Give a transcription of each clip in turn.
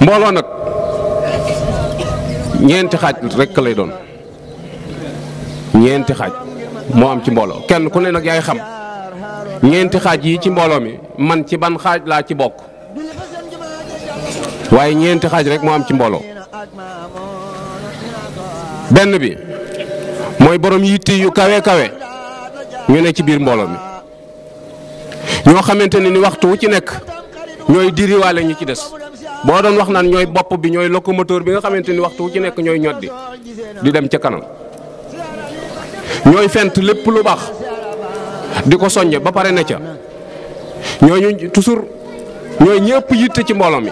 mbooloo nag ñeenti xaaj rekk lay doon ñeenti xaaj moo am ci mbooloo kenn ku ne nag yaay xam ñeenti xaaj yi ci mbooloo mi man ci ban xaaj laa ci bokk waaye ñeenti xaaj rek moo am ci mbooloo benn bi mooy borom yitte yu kawe kawe ñu ne ci biir mbooloo mi ñoo xamante ne ni waxtu wu ci nekk ñooy diriwaale ñu ci des. boo doon wax naan ñooy bopp bi ñooy locomoteur bi nga xamante ni waxtu wu ci nekk ñooy ñoddi di dem ca kanam ñooy fent lépp lu baax di ko soññe ba pare ne ca ñooñu toujours ñooy ñëpp yitte ci mbooloo mi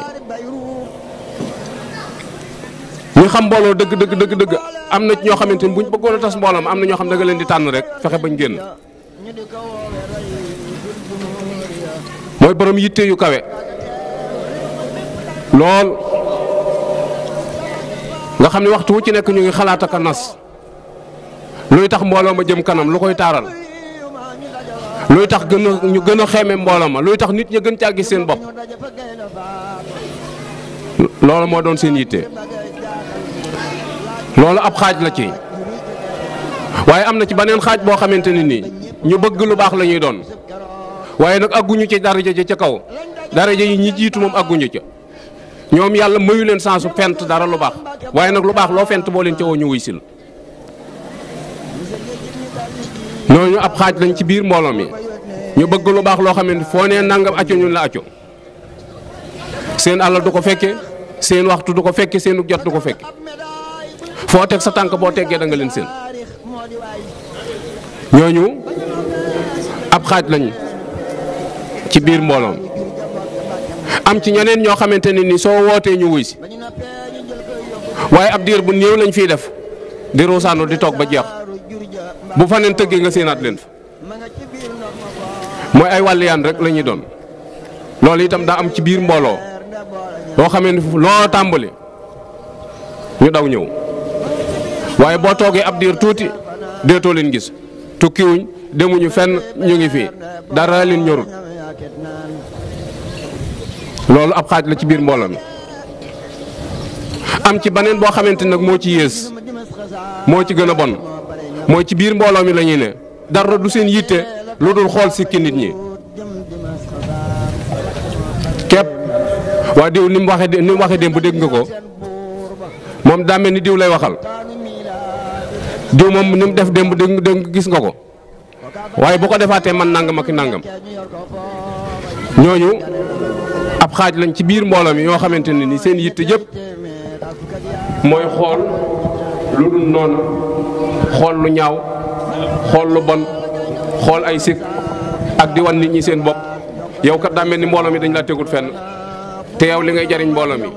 ñu xam mbooloo dëgg dëgg dëgg dëgg am na ñoo xamante ni bu ñu bëggoon a tas mbooloo mi am na ñoo xam da nga leen di tànn rek fexe bañ génn mooy borom yitte yu kawe. lool nga xam ne waxtu wu ci nekk ñu ngi xalaat ak nas luy tax mbooloo ma jëm kanam lu koy taaral luy tax gën a gën a xeme mbooloo ma luy tax nit ñi gën caa gis seen bopp loolu moo doon seen yitte loolu ab xaaj la ci waaye am na ci beneen xaaj boo xamante ni nii ñu bëgg lu baax la ñuy doon waaye nag agguñu ci dara ja ca kaw daraja yi ñi jiitu moom agguñu ci ñoom yàlla mayu leen sans su fent dara lu baax waaye nag lu baax loo fent boo leen ca woo ñu wuy sil ñooñu ab xaaj lañ ci biir mbooloo mi ñu bëgg lu baax loo xam ne foo nee nangam acco ñu la acco seen alal du ko fekkee seen waxtu du ko fekke seenu jot du ko fekke foo teg sa tànk boo tegee danga nga leen seen ñooñu ab xaaj lañ ci biir mbooloom am ci ñeneen ñoo xamante ne ni soo wootee ñu wuy si waaye ab diir bu néew lañ fiy def di ruusaanu di toog ba jeex bu faneen tëggee nga séenaat leen fa mooy ay wàlliyaan rek la ñuy doon loolu itam daa am ci biir mbooloo loo xamee ni loo tàmbali ñu daw ñëw waaye boo toogee ab diir tuuti deetoo leen gis tukkiwuñ demuñu fenn ñu ngi fii dara leen ñorut loolu ab xaaj la ci biir mbooloo am ci baneen boo xamante nag moo ci yées moo ci gën a bon mooy ci biir mbooloo mi la ñuy ne dara du seen yitte lu dul xool sikki nit ñi képp waa diw ni mu waxe ni mu waxe démb dégg nga ko moom daa mel ni diw lay waxal diw moom ni mu def démb dégg dégg gis nga ko waaye bu ko defaatee man nangam ak nangam ñooñu ab xaaj lañ ci biir mbooloo mi yoo xamante ne ni seen yitte yëpp mooy xool lu dul noonu xool lu ñaaw xool lu bon xool ay sikk ak di wan nit ñi seen bopp yow kat daa mel ni mbooloo mi dañ la tegut fenn te yow li ngay jariñ mbooloo mi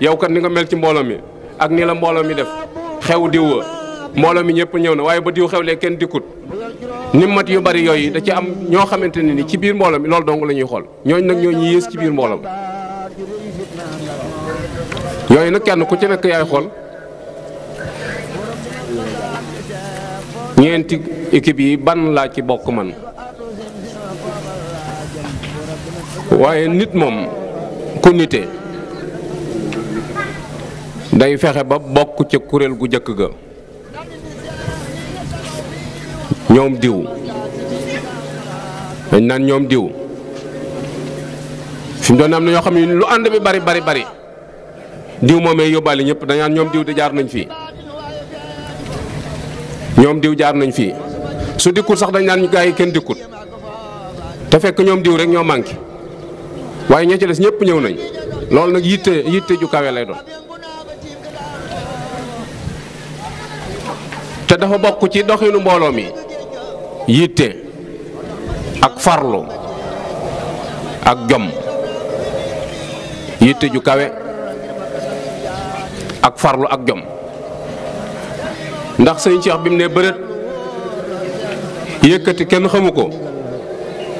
yow kat ni nga mel ci mbooloo mi ak ni la mbooloo mi def xew diw wa mbooloo mi ñëpp ñëw na waaye ba diw xew le kenn dikkut mat yu bari yooyu da ci am ñoo xamante ne ni ci biir mbooloo mi loolu dong la ñuy xool ñooñu nag ñooñu yées ci biir mbooloo mi yooyu nag kenn ku ci nekk yaay xool ñeenti équipe yi ban laa ci bokk man waaye nit moom ku nite day fexe ba bokk ca kuréel gu jëkk ga ñoom diw dañ naan ñoom diw fi mu doon am na ñoo xam ne lu ànd bi bari bari bari diw moomee yóbbaale ñëpp dañ naan ñoom diw di jaar nañ fii ñoom diw jaar nañ fii su dikkut sax dañ naan gaa yi kenn dikkut te fekk ñoom diw rek ñoo manqué waaye ña ci des ñëpp ñëw nañ loolu nag yitte yitte ju kawe lay doon. te dafa bokk ci doxinu mbooloo mi yitte ak farlu ak jom yitte ju kawe ak farlu ak jom ndax sëñ Cheikh bi mu ne bërët yëkkati kenn xamu ko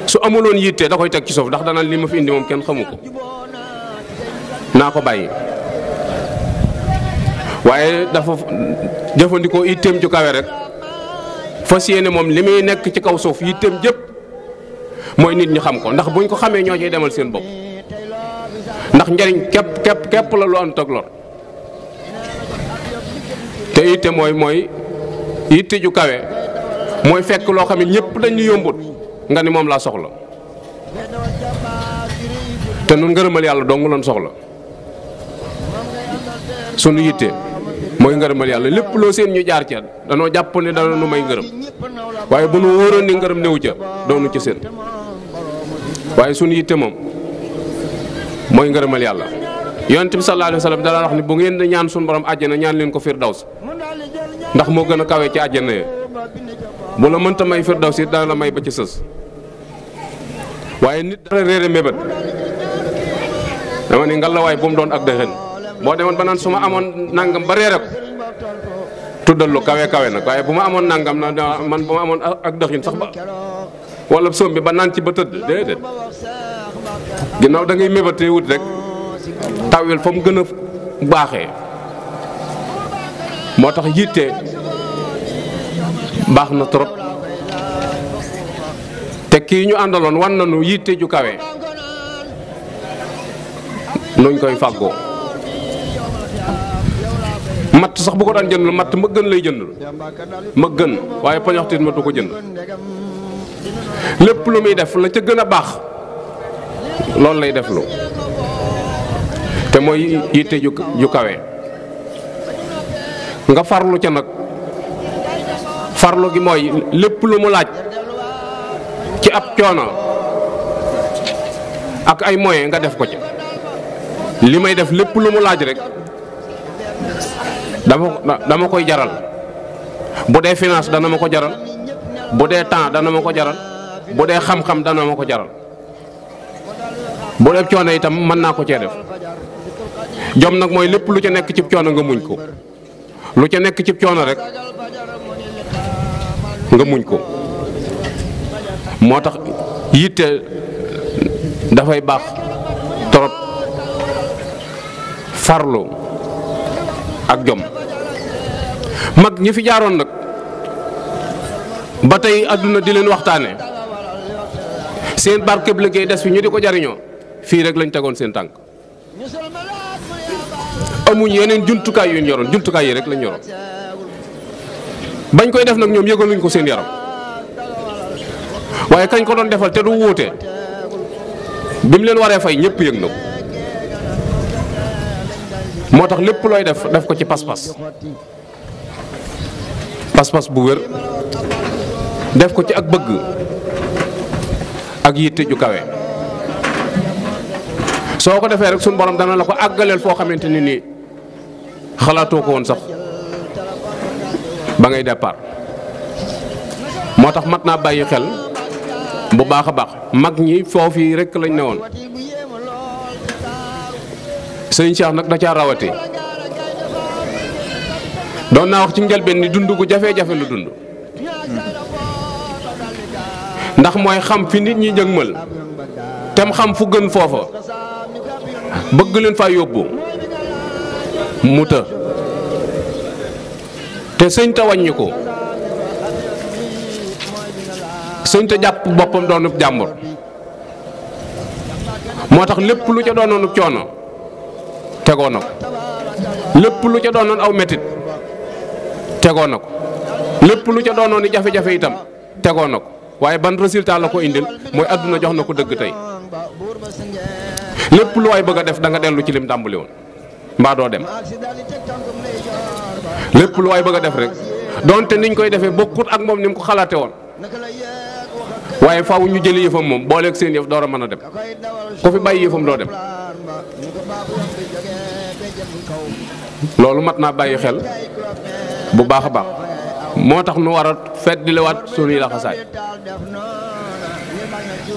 su amuloon yitte da koy teg ci suuf ndax dana li ma fi indi moom kenn xamu ko naa ko bàyyi waaye dafa jëfandikoo itteem ju kawe rek fas yéene moom li muy nekk ci kaw suuf yitteem jëpp mooy nit ñi xam ko ndax buñ ko xamee ñoo ciy demal seen bopp ndax njariñ képp képp képp la lu ànd ak lor te itte mooy mooy itte ju kawe mooy fekk loo xam ne ñëpp dañu yombut nga ni moom laa soxla te nun ngërëmal yàlla dong lan soxla sunu yitte. mooy ngërëmal yàlla lépp loo seen ñu jaar ca danoo jàpp ne dana may ngërëm waaye bu nu wóoroon ni ngërëm néew ca doonu ca seen waaye sunu yitte moom mooy ngërëmal yàlla yonent bi sallallahu alayhi wa sallam ni bu ngeen di ñaan sunu borom àjjana ñaan leen ko firdaws ndax moo gën a kawe ci àjjana ya bu la mënta may firdaws it dana la may ba ca sës waaye nit dara mébét dama ni ngalawaay bu mu doon ak dëxën bo demone banan suma amon nangam ba tuddal lu kawe kawe nak waye buma amon nangam na man buma amon ak doxin sax ba wala sombi bi ba naan ci ba tëdd déedéet ginnaaw da ngay mebeute wut rek tawel fam mu baxé motax yitté baxna trop té ki ñu andalon wan nañu yitté ju kawe nuñ koy fàggoo sax bu ko daan jëndul matt ma gën lay jëndul ma gën waaye poñoxtit ma du ko jënd lépp lu muy def la ca gën a baax loolu lay def lu te mooy yitte ju ju kawe nga farlu ca nag farlu gi mooy lépp lu mu laaj ci ab coono ak ay moyens nga def ko ca li may def lépp lu mu laaj rek dama dama koy jaral bu dee finance dana ma ko jaral bu dee temps dana ma ko jaral bu dee xam-xam dana ma ko jaral bu dee coono itam mën naa ko cee def jom nag mooy lépp lu ca nekk cib coono nga muñ ko lu ca nekk cib coono rek nga muñ ko moo tax yitte dafay baax trop farlu ak jom mag ñi fi jaaroon nag ba tey àdduna di leen waxtaane seen barkeb liggéey des fi ñu di ko jariñoo fii rek lañ tegoon seen tànk amuñ yeneen jumtukaay yu ñu yoroon yi rek lañ yoroon bañ koy def nag ñoom yëgaluñ ko seen yaram waaye kañ ko doon defal te du wuute bi mu leen waree fay ñëpp yëg na ko moo tax lépp looy def def ko ci pas-pas pas-pas bu wér def ko ci ak bëgg ak yitté ju kawé soko ko rek sun borom dana la ko àggaleel fo xamanteni ni xalaato ko won sax ba ngay départ motax matna bayyi xel bu baax baax mag ñi fofu rek lañ ne seigne Cheikh nak da ca rawati doon naa wax ci njëlbeen ni dund gu jafe-jafe lu dund ndax mooy xam fi nit ñi jëgmal tem xam fu gën foofa bëgg leen fa yóbbu mu te sëñ ta wàññi ko sëñ ta jàpp boppam doonub jàmbur moo tax lépp lu ca doonoonub coono tegoo lépp lu ca doonoon aw metit tegoon na ko lépp lu ca doonoon ni jafe-jafe itam tegoon na ko waaye ban résultat la ko indil mooy àdduna jox na ko dëgg tey lépp lu waay bëgg a def danga dellu ci lim tàmbali woon mbaa doo dem lépp lu waay bëgg a def rek doonte niñ koy defee bokkut ak moom ni mu ko xalaate woon waaye faaw ñu jëli yëfam moom booleeg seen yëf door a mën a dem ku fi bàyyi yëfam doo dem loolu mat naa bàyyi xel bu baakha baax motax nu nu war di lewat sunuy la xassay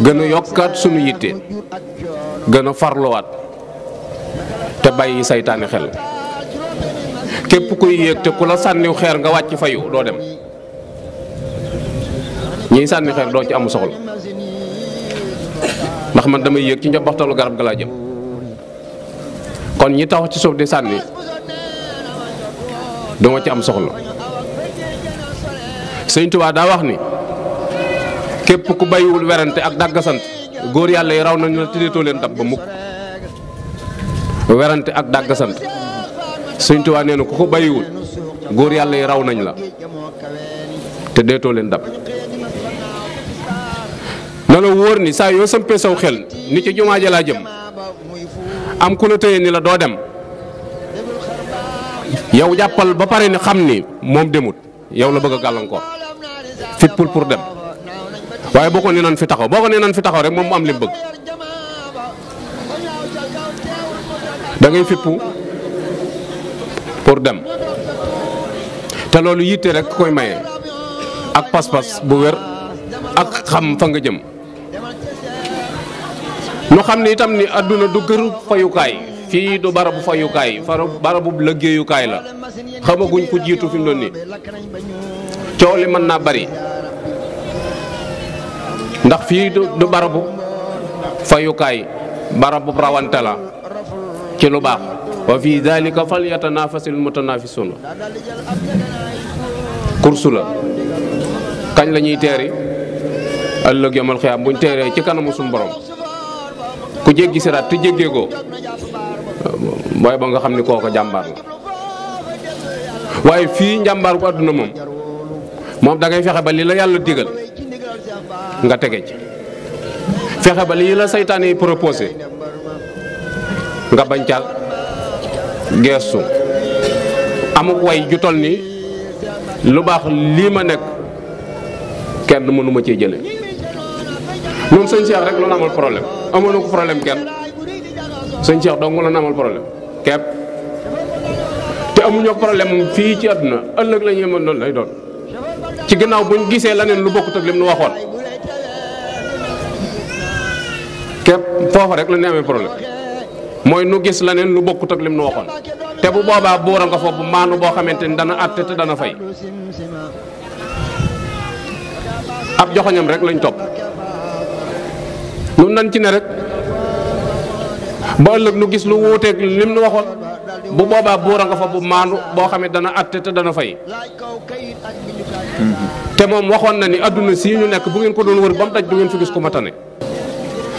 gëna yokkat sunu yitté gëna farlo wat te bayyi saytani xel képp kuy yéeg te kula sanni sànniw xeer nga wacc fayu do dem ñi sanni xeer do ci am soxol ndax man damay yéeg ci njobaxtalu garab gala jëm kon ñi taw ci suuf di sanni dama ci am soxla sëñ Tuubaa daa wax ni képp ku bayiwul werante ak dàgg góor yàlla yi raw nañ la tëddeetoo leen dab ba mukk werante ak dàgg sëñtuwaa sëñ Tuubaa nee na ku ko bayiwul góor yàlla yi raw nañ la te deetoo leen dab na la wóor ni saa yoo sampee saw xel ni ci jumaa ja laa jëm am ku la tëye ni la doo dem yow jàppal ba pare ni xam ni moom demut yow la bëgg a gàllankoor fippul pour dem waaye boo ko nee fi taxaw boo ko nee fi taxaw rek moom mu am li mu bëgg da fippu pour dem te loolu yitte rek koy maye ak pas-pas bu wér ak xam fa nga jëm nu xam ni itam ni àdduna du këru fayukaay fii du barabu fayukaay barabu liggéeyukaay la xamaguñ ku jiitu fi mu doon coow li mën naa bari ndax fii du barabu fayukaay barabu rawante la ci lu baax wa fi dalika fal yatanafasil mutanafisuna kursu la kañ la ñuy teeri ëllëg yomal am buñ teeree ci kanamu suñu borom ku jéggi siraat te jéggee booy ba nga xam ni kooko jàmbaar nga waaye fii njàmbaar gu àdduna moom moom da fexe ba lii la yàlla digal nga tege ci fexe ba lii la seytaane yi proposé nga bañ caal geestu amuk way ju ni lu baax lii ma nekk kenn mënuma ma cee jële moom sëñ Cheikh rek loolu amul problème amoon na ko problème kenn sëñ Cheikh dong la na amal problème kepp te amuñoo problème fii ci àdduna ëllëg la ñuy mën loolu lay doon ci ginnaaw buñ gisee leneen lu bokkut ak lim nu waxoon kepp foofa rek la ñuy amee mooy nu gis leneen lu bokkut ak lim nu waxoon te bu boobaa buura nga foofu maanu boo xamante ni dana àtte te dana fay ab joxoñam rek lañ topp lu nañ ci ne rek. ba ëlëk nu gis lu wuuteeg lim nu waxoon bu boobaa buura nga fa bu maanu boo xam dana atte te dana fay te moom waxoon na ni àdduna sii ñu nekk bu ngeen ko doon wër ba mu daj du ngeen fi gis ku ma tane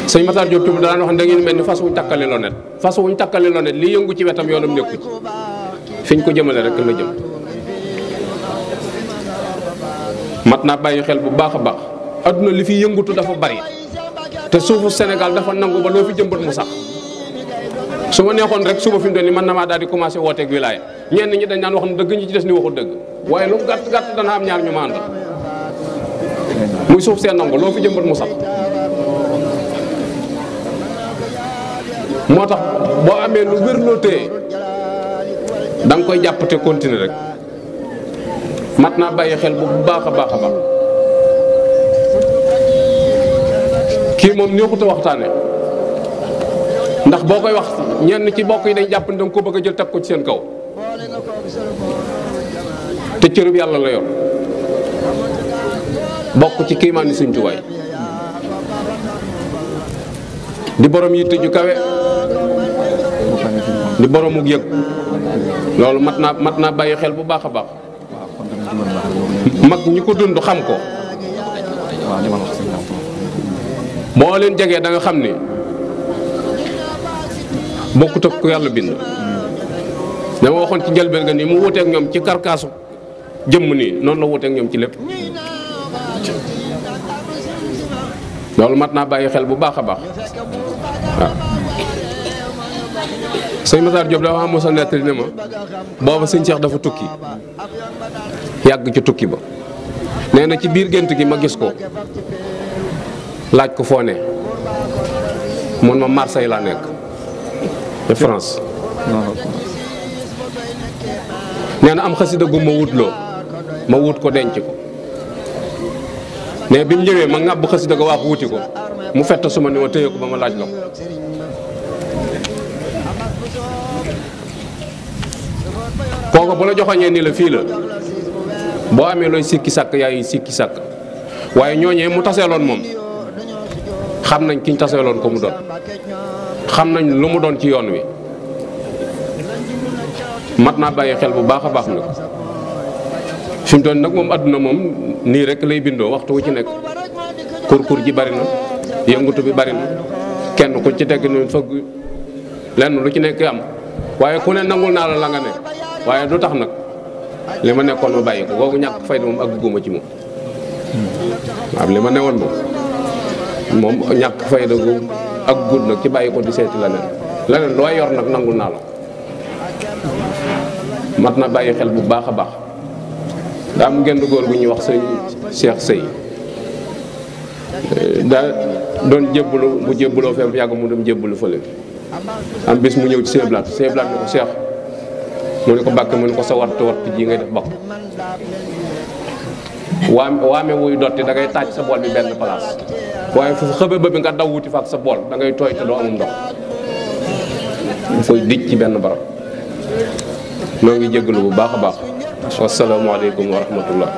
sëñ Matar Diop dana daan wax da ngeen mel ni fas wuñ takkale lonet fas wuñ takkale net lii yëngu ci wetam yoonam nekku ci fiñ ko jëmale rek la jëm mat naa xel bu baax a baax àdduna li fi yëngutu dafa bari te suufu Sénégal dafa nangu ba loo fi jëmbat mu sax su ma rek suba fim doni man na ma daal di wote ak wilaya ñen ñi dañ daan wax ne dëgg ñi ci dess ni waxu deug waye lu gatt gàtt dana am ñaar ñu ma àndal muy suuf sen nang lo fi jëmbat mu sax motax bo amé lu wér loo koy jappaté continuer rek matna baye xel bu baax a baax ki mom ñoko ta waxtane boo koy wax ñenn ci bokk yi dañ jàpp ne danga ko bëgg a jël teg ko ci seen kaw te cërub yàlla la yor bokk ci kiimaani Sëñ di borom yitte ju kawe di boromuk yëg loolu mat naa mat bàyyi xel bu baax a baax mag ñi ko dund xam ko boo leen jege danga xam ni bokkut ak ku yàlla bind. dama waxoon ci njëlbeen nga ni mu wuteek ñoom ci karkaasu jëmm nii noonu la wuteek ñoom ci lépp. loolu mat naa bàyyi xel bu baax a baax waaw. sëñ Matar Diop dafa am mosa nettali ne ma booba sëñ Cheikh dafa tukki yàgg ci tukki ba nee na ci biir gént gi ma gis ko laaj ko foone ne mun ma Marseille laa nekk. France nee na am xasida gu ma wut loo ma wut ko denc ko ne bi mu ñëwee ma ŋàbb xasida ga waax wuti ko mu fett suma ni ma téye ko ba ma laaj la ko kooku bu la joxoñee ni la fii la boo amee looy sikki sàkk yaay sikki sàkk waaye ñooñee mu taseeloon moom xam nañ kiñ taseeloon ko mu doon xam nañ lu mu doon ci yoon wi mat naa bàyyi xel bu baax a baax nag fi mu nag moom àdduna moom nii rek lay bindoo waxtu wu ci nekk kur kur ji bari na yëngutu bi bari na kenn ku ci tekk ni fëgg lenn lu ci nekk am waaye ku ne nangul naa la la waaye du tax nag li ma nekkoon ma bàyyi ko googu ñàkk fayda moom ak guma ci moom waaw li ma newoon moom moom ñàkk fayda googu ak góor nag ci bàyyi ko di seeti leneen leneen loo yor nag nangul naa la mat na bàyyi xel bu baax a baax daa am genn góor gu ñuy wax sëñ Cheikh Sëy eh, daa doon jébbalu bu jébbaloo fee yàgg mu dem jébbalu fële am bis mu ñëw ci seeblaat seeblaat ne ko Cheikh mu ne ko bàkk mu ne ko sa wattu wattu ji ngay def bokk waame waame wuy dotti da taaj sa bool bi benn place waaye fu xëba ba bi nga daw wuti fa ak sa bool da tooy te doo amum ndox fooy dij ci benn barab noo ngi jégalu bu baax a baax wasalaamualeykum wa rahmatullah